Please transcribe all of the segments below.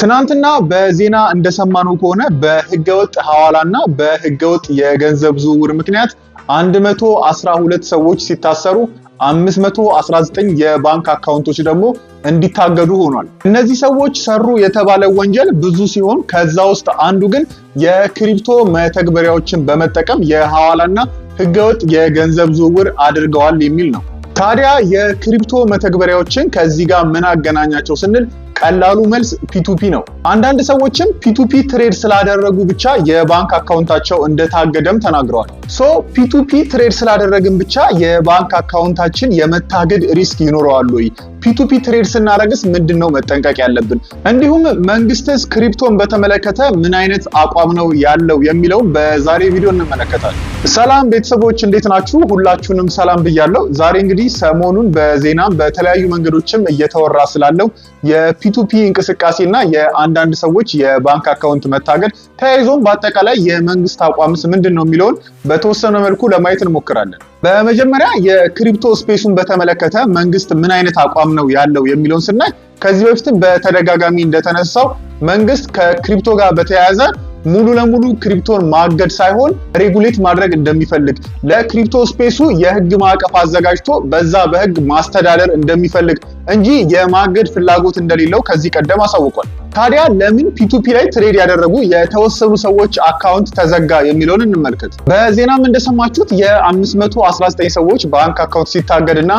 ትናንትና በዜና እንደሰማነው ከሆነ በህገወጥ ሐዋላና በህገወጥ የገንዘብ ዝውውር ምክንያት 112 ሰዎች ሲታሰሩ 519 የባንክ አካውንቶች ደግሞ እንዲታገዱ ሆኗል። እነዚህ ሰዎች ሰሩ የተባለ ወንጀል ብዙ ሲሆን ከዛ ውስጥ አንዱ ግን የክሪፕቶ መተግበሪያዎችን በመጠቀም የሐዋላና ህገወጥ የገንዘብ ዝውውር አድርገዋል የሚል ነው። ታዲያ የክሪፕቶ መተግበሪያዎችን ከዚህ ጋር ምን አገናኛቸው ስንል ቀላሉ መልስ ፒቱፒ ነው። አንዳንድ ሰዎችም ፒቱፒ ትሬድ ስላደረጉ ብቻ የባንክ አካውንታቸው እንደታገደም ተናግረዋል። ሶ ፒቱፒ ትሬድ ስላደረግን ብቻ የባንክ አካውንታችን የመታገድ ሪስክ ይኖረዋል ወይ ፒቱፒ ትሬድ ስናደርግስ ምንድን ነው መጠንቀቅ ያለብን? እንዲሁም መንግስትስ ክሪፕቶን በተመለከተ ምን አይነት አቋም ነው ያለው የሚለውን በዛሬ ቪዲዮ እንመለከታለን። ሰላም ቤተሰቦች እንዴት ናችሁ? ሁላችሁንም ሰላም ብያለሁ። ዛሬ እንግዲህ ሰሞኑን በዜናም በተለያዩ መንገዶችም እየተወራ ስላለው የፒቱፒ እንቅስቃሴ እና የአንዳንድ ሰዎች የባንክ አካውንት መታገድ ተያይዞም በአጠቃላይ የመንግስት አቋምስ ምንድን ነው የሚለውን በተወሰነ መልኩ ለማየት እንሞክራለን። በመጀመሪያ የክሪፕቶ ስፔሱን በተመለከተ መንግስት ምን አይነት አቋም ነው ያለው የሚለውን ስናይ ከዚህ በፊትም በተደጋጋሚ እንደተነሳው መንግስት ከክሪፕቶ ጋር በተያያዘ ሙሉ ለሙሉ ክሪፕቶን ማገድ ሳይሆን ሬጉሌት ማድረግ እንደሚፈልግ ለክሪፕቶ ስፔሱ የህግ ማዕቀፍ አዘጋጅቶ በዛ በህግ ማስተዳደር እንደሚፈልግ እንጂ የማገድ ፍላጎት እንደሌለው ከዚህ ቀደም አሳውቋል። ታዲያ ለምን ፒቱፒ ላይ ትሬድ ያደረጉ የተወሰኑ ሰዎች አካውንት ተዘጋ የሚለውን እንመልከት። በዜናም እንደሰማችሁት የ519 ሰዎች ባንክ አካውንት ሲታገድ እና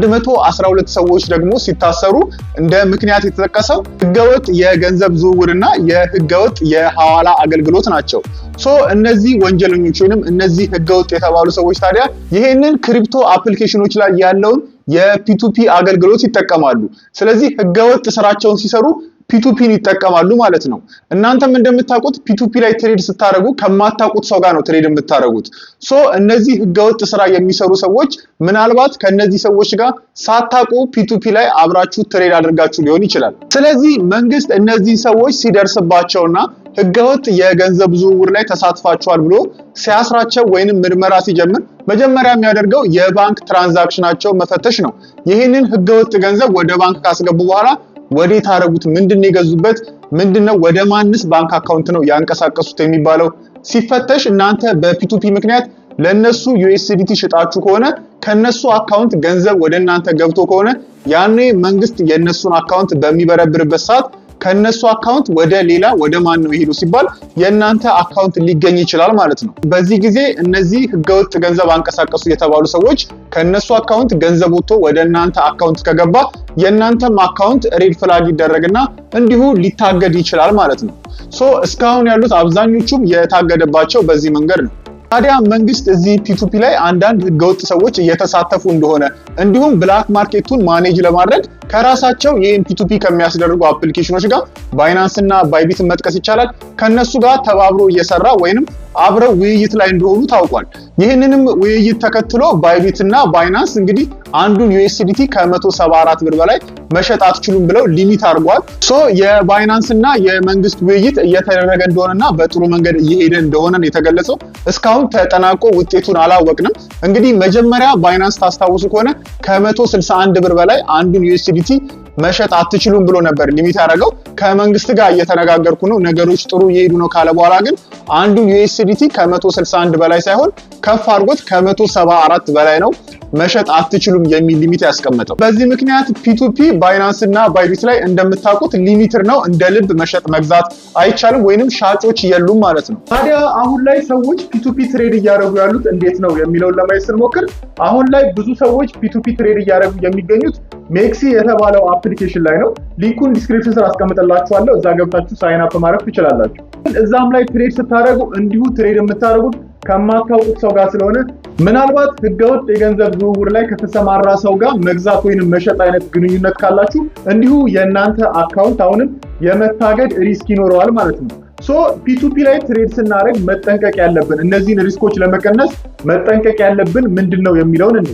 112 ሰዎች ደግሞ ሲታሰሩ እንደ ምክንያት የተጠቀሰው ህገወጥ የገንዘብ ዝውውርና የህገወጥ የሐዋላ አገልግሎት ናቸው። ሶ እነዚህ ወንጀለኞች ወይንም እነዚህ ህገወጥ የተባሉ ሰዎች ታዲያ ይህንን ክሪፕቶ አፕሊኬሽኖች ላይ ያለውን የፒቱፒ አገልግሎት ይጠቀማሉ። ስለዚህ ህገወጥ ስራቸውን ሲሰሩ ፒቱፒን ይጠቀማሉ ማለት ነው። እናንተም እንደምታውቁት ፒቱፒ ላይ ትሬድ ስታደረጉ ከማታውቁት ሰው ጋር ነው ትሬድ የምታደረጉት። ሶ እነዚህ ህገወጥ ስራ የሚሰሩ ሰዎች ምናልባት ከእነዚህ ሰዎች ጋር ሳታውቁ ፒቱፒ ላይ አብራችሁ ትሬድ አድርጋችሁ ሊሆን ይችላል። ስለዚህ መንግስት እነዚህ ሰዎች ሲደርስባቸውና ህገወጥ የገንዘብ ዝውውር ላይ ተሳትፋቸዋል ብሎ ሲያስራቸው ወይንም ምርመራ ሲጀምር መጀመሪያ የሚያደርገው የባንክ ትራንዛክሽናቸው መፈተሽ ነው። ይህንን ህገወጥ ገንዘብ ወደ ባንክ ካስገቡ በኋላ ወዴት አረጉት? ምንድን ነው የገዙበት? ምንድን ነው ወደ ማንስ ባንክ አካውንት ነው ያንቀሳቀሱት የሚባለው ሲፈተሽ እናንተ በፒቱፒ ምክንያት ለነሱ ዩኤስዲቲ ሽጣችሁ ከሆነ ከነሱ አካውንት ገንዘብ ወደ እናንተ ገብቶ ከሆነ ያኔ መንግስት የነሱን አካውንት በሚበረብርበት ሰዓት ከእነሱ አካውንት ወደ ሌላ ወደ ማን ነው የሄዱ ሲባል የእናንተ አካውንት ሊገኝ ይችላል ማለት ነው። በዚህ ጊዜ እነዚህ ህገወጥ ገንዘብ አንቀሳቀሱ የተባሉ ሰዎች ከእነሱ አካውንት ገንዘብ ወጥቶ ወደ እናንተ አካውንት ከገባ የእናንተም አካውንት ሬድ ፍላግ ይደረግና እንዲሁ ሊታገድ ይችላል ማለት ነው። ሶ እስካሁን ያሉት አብዛኞቹም የታገደባቸው በዚህ መንገድ ነው። ታዲያ መንግስት እዚህ ፒቱፒ ላይ አንዳንድ ህገወጥ ሰዎች እየተሳተፉ እንደሆነ እንዲሁም ብላክ ማርኬቱን ማኔጅ ለማድረግ ከራሳቸው ይህን ፒቱፒ ከሚያስደርጉ አፕሊኬሽኖች ጋር ባይናንስ እና ባይቢት መጥቀስ ይቻላል። ከነሱ ጋር ተባብሮ እየሰራ ወይንም አብረው ውይይት ላይ እንደሆኑ ታውቋል። ይህንንም ውይይት ተከትሎ ባይቢት እና ባይናንስ እንግዲህ አንዱን ዩኤስዲቲ ከ174 ብር በላይ መሸጥ አትችሉም ብለው ሊሚት አድርጓል። ሶ የባይናንስ እና የመንግስት ውይይት እየተደረገ እንደሆነና በጥሩ መንገድ እየሄደ እንደሆነ የተገለጸው እስካሁን ተጠናቆ ውጤቱን አላወቅንም። እንግዲህ መጀመሪያ ባይናንስ ታስታውሱ ከሆነ ከ161 ብር በላይ አንዱን ዩኤስዲ রেখেছি መሸጥ አትችሉም ብሎ ነበር ሊሚት ያደረገው። ከመንግስት ጋር እየተነጋገርኩ ነው፣ ነገሮች ጥሩ እየሄዱ ነው ካለ በኋላ ግን አንዱ ዩኤስዲቲ ከ161 በላይ ሳይሆን ከፍ አድርጎት ከ174 በላይ ነው መሸጥ አትችሉም የሚል ሊሚት ያስቀመጠው። በዚህ ምክንያት ፒቱፒ ባይናንስ እና ባይቢት ላይ እንደምታውቁት ሊሚትር ነው፣ እንደ ልብ መሸጥ መግዛት አይቻልም፣ ወይንም ሻጮች የሉም ማለት ነው። ታዲያ አሁን ላይ ሰዎች ፒቱፒ ትሬድ እያደረጉ ያሉት እንዴት ነው የሚለውን ለማየት ስንሞክር አሁን ላይ ብዙ ሰዎች ፒቱፒ ትሬድ እያደረጉ የሚገኙት ሜክሲ የተባለው አፕ አፕሊኬሽን ላይ ነው። ሊንኩን ዲስክሪፕሽን ስር አስቀምጠላችኋለሁ። እዛ ገብታችሁ ሳይን አፕ ማድረግ ትችላላችሁ። እዛም ላይ ትሬድ ስታደረጉ እንዲሁ ትሬድ የምታደረጉት ከማታውቁት ሰው ጋር ስለሆነ ምናልባት ህገወጥ የገንዘብ ዝውውር ላይ ከተሰማራ ሰው ጋር መግዛት ወይንም መሸጥ አይነት ግንኙነት ካላችሁ እንዲሁ የእናንተ አካውንት አሁንም የመታገድ ሪስክ ይኖረዋል ማለት ነው። ሶ ፒቱፒ ላይ ትሬድ ስናደረግ መጠንቀቅ ያለብን እነዚህን ሪስኮች ለመቀነስ መጠንቀቅ ያለብን ምንድን ነው የሚለውን እንዴ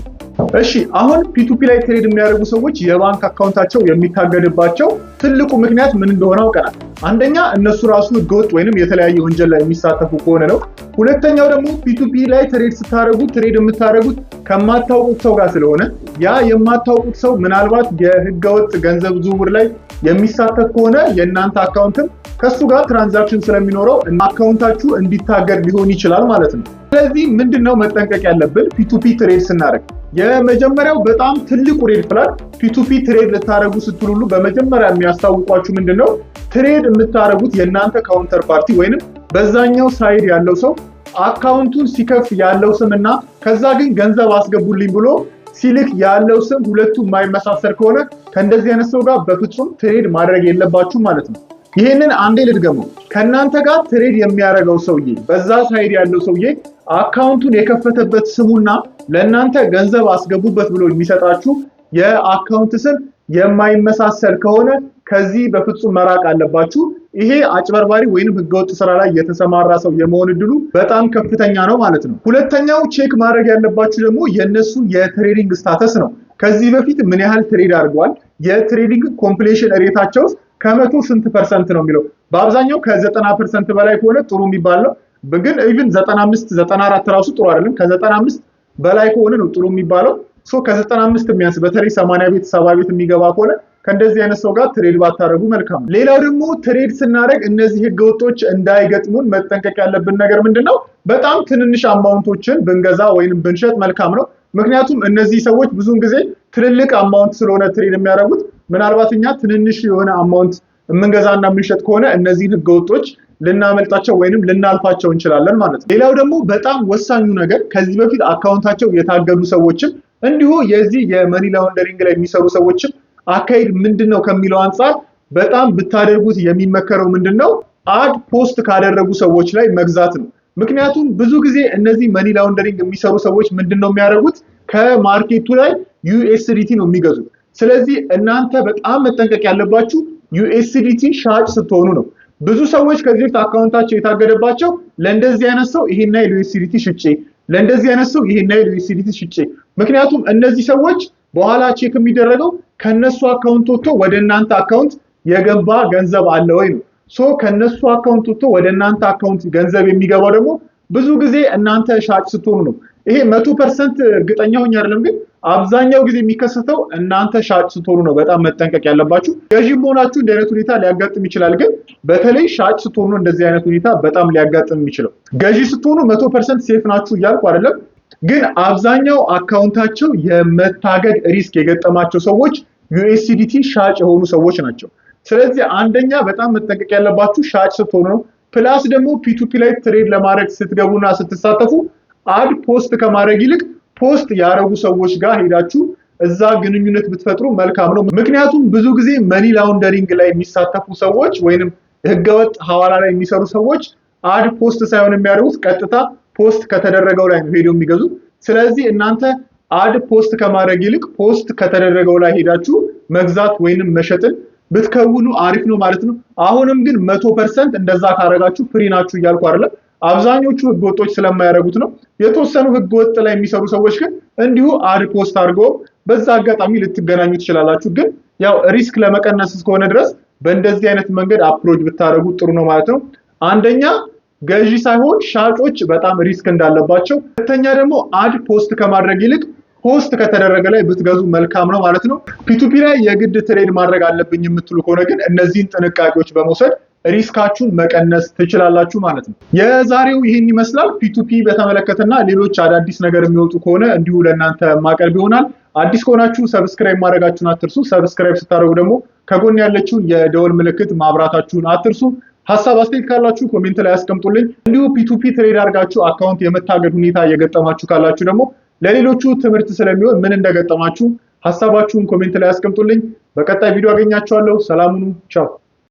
እሺ አሁን ፒቱፒ ላይ ትሬድ የሚያደርጉ ሰዎች የባንክ አካውንታቸው የሚታገድባቸው ትልቁ ምክንያት ምን እንደሆነ አውቀናል። አንደኛ እነሱ ራሱ ህገወጥ ወይንም የተለያየ ወንጀል ላይ የሚሳተፉ ከሆነ ነው። ሁለተኛው ደግሞ ፒቱፒ ላይ ትሬድ ስታደረጉ ትሬድ የምታደረጉት ከማታውቁት ሰው ጋር ስለሆነ ያ የማታውቁት ሰው ምናልባት የህገወጥ ገንዘብ ዝውውር ላይ የሚሳተፍ ከሆነ የእናንተ አካውንትም ከእሱ ጋር ትራንዛክሽን ስለሚኖረው አካውንታችሁ እንዲታገድ ሊሆን ይችላል ማለት ነው። ስለዚህ ምንድን ነው መጠንቀቅ ያለብን ፒቱፒ ትሬድ ስናደርግ? የመጀመሪያው በጣም ትልቁ ሬድ ፍላግ ፒቱፒ ትሬድ ልታደረጉ ስትሉሉ በመጀመሪያ የሚያስታውቋችሁ ምንድን ነው ትሬድ የምታደርጉት የእናንተ ካውንተር ፓርቲ ወይንም በዛኛው ሳይድ ያለው ሰው አካውንቱን ሲከፍ ያለው ስም እና ከዛ ግን ገንዘብ አስገቡልኝ ብሎ ሲልክ ያለው ስም ሁለቱ የማይመሳሰል ከሆነ ከእንደዚህ አይነት ሰው ጋር በፍጹም ትሬድ ማድረግ የለባችሁ ማለት ነው። ይህንን አንዴ ልድገመው። ከእናንተ ጋር ትሬድ የሚያደርገው ሰውዬ በዛ ሳይድ ያለው ሰውዬ አካውንቱን የከፈተበት ስሙና ለእናንተ ገንዘብ አስገቡበት ብሎ የሚሰጣችሁ የአካውንት ስም የማይመሳሰል ከሆነ ከዚህ በፍጹም መራቅ አለባችሁ። ይሄ አጭበርባሪ ወይም ህገወጥ ስራ ላይ የተሰማራ ሰው የመሆን እድሉ በጣም ከፍተኛ ነው ማለት ነው። ሁለተኛው ቼክ ማድረግ ያለባችሁ ደግሞ የእነሱ የትሬዲንግ ስታተስ ነው። ከዚህ በፊት ምን ያህል ትሬድ አድርገዋል? የትሬዲንግ ኮምፕሌሽን ሬታቸው ከመቶ ስንት ፐርሰንት ነው የሚለው በአብዛኛው ከዘጠና ፐርሰንት በላይ ከሆነ ጥሩ የሚባል ነው። ግን ኢቭን ዘጠና አምስት ዘጠና አራት ራሱ ጥሩ አይደለም። ከዘጠና አምስት በላይ ከሆነ ነው ጥሩ የሚባለው ከዘጠና አምስት የሚያንስ በተለይ ሰማንያ ቤት ሰባ ቤት የሚገባ ከሆነ ከእንደዚህ አይነት ሰው ጋር ትሬድ ባታደረጉ መልካም ነው። ሌላው ደግሞ ትሬድ ስናደረግ እነዚህ ወጦች እንዳይገጥሙን መጠንቀቅ ያለብን ነገር ምንድን ነው? በጣም ትንንሽ አማውንቶችን ብንገዛ ወይም ብንሸጥ መልካም ነው። ምክንያቱም እነዚህ ሰዎች ብዙውን ጊዜ ትልልቅ አማውንት ስለሆነ ትሬድ የሚያደርጉት ምናልባት እኛ ትንንሽ የሆነ አማውንት የምንገዛና የምንሸጥ ከሆነ እነዚህን ህገወጦች ልናመልጣቸው ወይንም ልናልፋቸው እንችላለን ማለት ነው። ሌላው ደግሞ በጣም ወሳኙ ነገር ከዚህ በፊት አካውንታቸው የታገዱ ሰዎችም። እንዲሁ የዚህ የመኒ ላውንደሪንግ ላይ የሚሰሩ ሰዎችም አካሄድ ምንድን ነው ከሚለው አንጻር በጣም ብታደርጉት የሚመከረው ምንድን ነው አድ ፖስት ካደረጉ ሰዎች ላይ መግዛት ነው። ምክንያቱም ብዙ ጊዜ እነዚህ መኒ ላውንደሪንግ የሚሰሩ ሰዎች ምንድን ነው የሚያደርጉት ከማርኬቱ ላይ ዩኤስዲቲ ነው የሚገዙት። ስለዚህ እናንተ በጣም መጠንቀቅ ያለባችሁ ዩኤስዲቲ ሻጭ ስትሆኑ ነው። ብዙ ሰዎች ከዚህ በፊት አካውንታቸው የታገደባቸው ለእንደዚህ አይነት ሰው ይሄን ያህል ዩኤስዲቲ ሽጬ፣ ለእንደዚህ አይነት ሰው ይሄን ያህል ዩኤስዲቲ ሽጬ ምክንያቱም እነዚህ ሰዎች በኋላ ቼክ የሚደረገው ከነሱ አካውንት ወጥቶ ወደ እናንተ አካውንት የገባ ገንዘብ አለ ወይ ነው። ሶ ከነሱ አካውንት ወጥቶ ወደ እናንተ አካውንት ገንዘብ የሚገባው ደግሞ ብዙ ጊዜ እናንተ ሻጭ ስትሆኑ ነው። ይሄ መቶ ፐርሰንት እርግጠኛ ሆኜ አይደለም፣ ግን አብዛኛው ጊዜ የሚከሰተው እናንተ ሻጭ ስትሆኑ ነው። በጣም መጠንቀቅ ያለባችሁ ገዢ መሆናችሁ እንዲህ አይነት ሁኔታ ሊያጋጥም ይችላል፣ ግን በተለይ ሻጭ ስትሆኑ እንደዚህ አይነት ሁኔታ በጣም ሊያጋጥም የሚችለው ገዢ ስትሆኑ መቶ ፐርሰንት ሴፍ ናችሁ እያልኩ አይደለም ግን አብዛኛው አካውንታቸው የመታገድ ሪስክ የገጠማቸው ሰዎች ዩኤስዲቲ ሻጭ የሆኑ ሰዎች ናቸው። ስለዚህ አንደኛ በጣም መጠንቀቅ ያለባችሁ ሻጭ ስትሆኑ ነው። ፕላስ ደግሞ ፒቱፒ ላይ ትሬድ ለማድረግ ስትገቡና ስትሳተፉ አድ ፖስት ከማድረግ ይልቅ ፖስት ያደረጉ ሰዎች ጋር ሄዳችሁ እዛ ግንኙነት ብትፈጥሩ መልካም ነው። ምክንያቱም ብዙ ጊዜ መኒ ላውንደሪንግ ላይ የሚሳተፉ ሰዎች ወይንም ህገወጥ ሀዋላ ላይ የሚሰሩ ሰዎች አድ ፖስት ሳይሆን የሚያደርጉት ቀጥታ ፖስት ከተደረገው ላይ ነው ሄደው የሚገዙት። ስለዚህ እናንተ አድ ፖስት ከማድረግ ይልቅ ፖስት ከተደረገው ላይ ሄዳችሁ መግዛት ወይንም መሸጥን ብትከውኑ አሪፍ ነው ማለት ነው። አሁንም ግን መቶ ፐርሰንት እንደዛ ካረጋችሁ ፍሪ ናችሁ እያልኩ አይደለም። አብዛኞቹ ህገወጦች ስለማያደርጉት ነው። የተወሰኑ ህገወጥ ላይ የሚሰሩ ሰዎች ግን እንዲሁ አድ ፖስት አድርገው በዛ አጋጣሚ ልትገናኙ ትችላላችሁ። ግን ያው ሪስክ ለመቀነስ እስከሆነ ድረስ በእንደዚህ አይነት መንገድ አፕሮች ብታደረጉ ጥሩ ነው ማለት ነው። አንደኛ ገዢ ሳይሆን ሻጮች በጣም ሪስክ እንዳለባቸው፣ ሁለተኛ ደግሞ አድ ፖስት ከማድረግ ይልቅ ፖስት ከተደረገ ላይ ብትገዙ መልካም ነው ማለት ነው። ፒቱፒ ላይ የግድ ትሬድ ማድረግ አለብኝ የምትሉ ከሆነ ግን እነዚህን ጥንቃቄዎች በመውሰድ ሪስካችሁን መቀነስ ትችላላችሁ ማለት ነው። የዛሬው ይህን ይመስላል። ፒቱፒ በተመለከተና ሌሎች አዳዲስ ነገር የሚወጡ ከሆነ እንዲሁ ለእናንተ ማቀርብ ይሆናል። አዲስ ከሆናችሁ ሰብስክራይብ ማድረጋችሁን አትርሱ። ሰብስክራይብ ስታደርጉ ደግሞ ከጎን ያለችውን የደወል ምልክት ማብራታችሁን አትርሱ። ሀሳብ አስተያየት ካላችሁ ኮሜንት ላይ አስቀምጡልኝ። እንዲሁ ፒቱፒ ትሬድ አድርጋችሁ አካውንት የመታገድ ሁኔታ እየገጠማችሁ ካላችሁ ደግሞ ለሌሎቹ ትምህርት ስለሚሆን ምን እንደገጠማችሁ ሀሳባችሁን ኮሜንት ላይ አስቀምጡልኝ። በቀጣይ ቪዲዮ አገኛችኋለሁ። ሰላሙኑ ቻው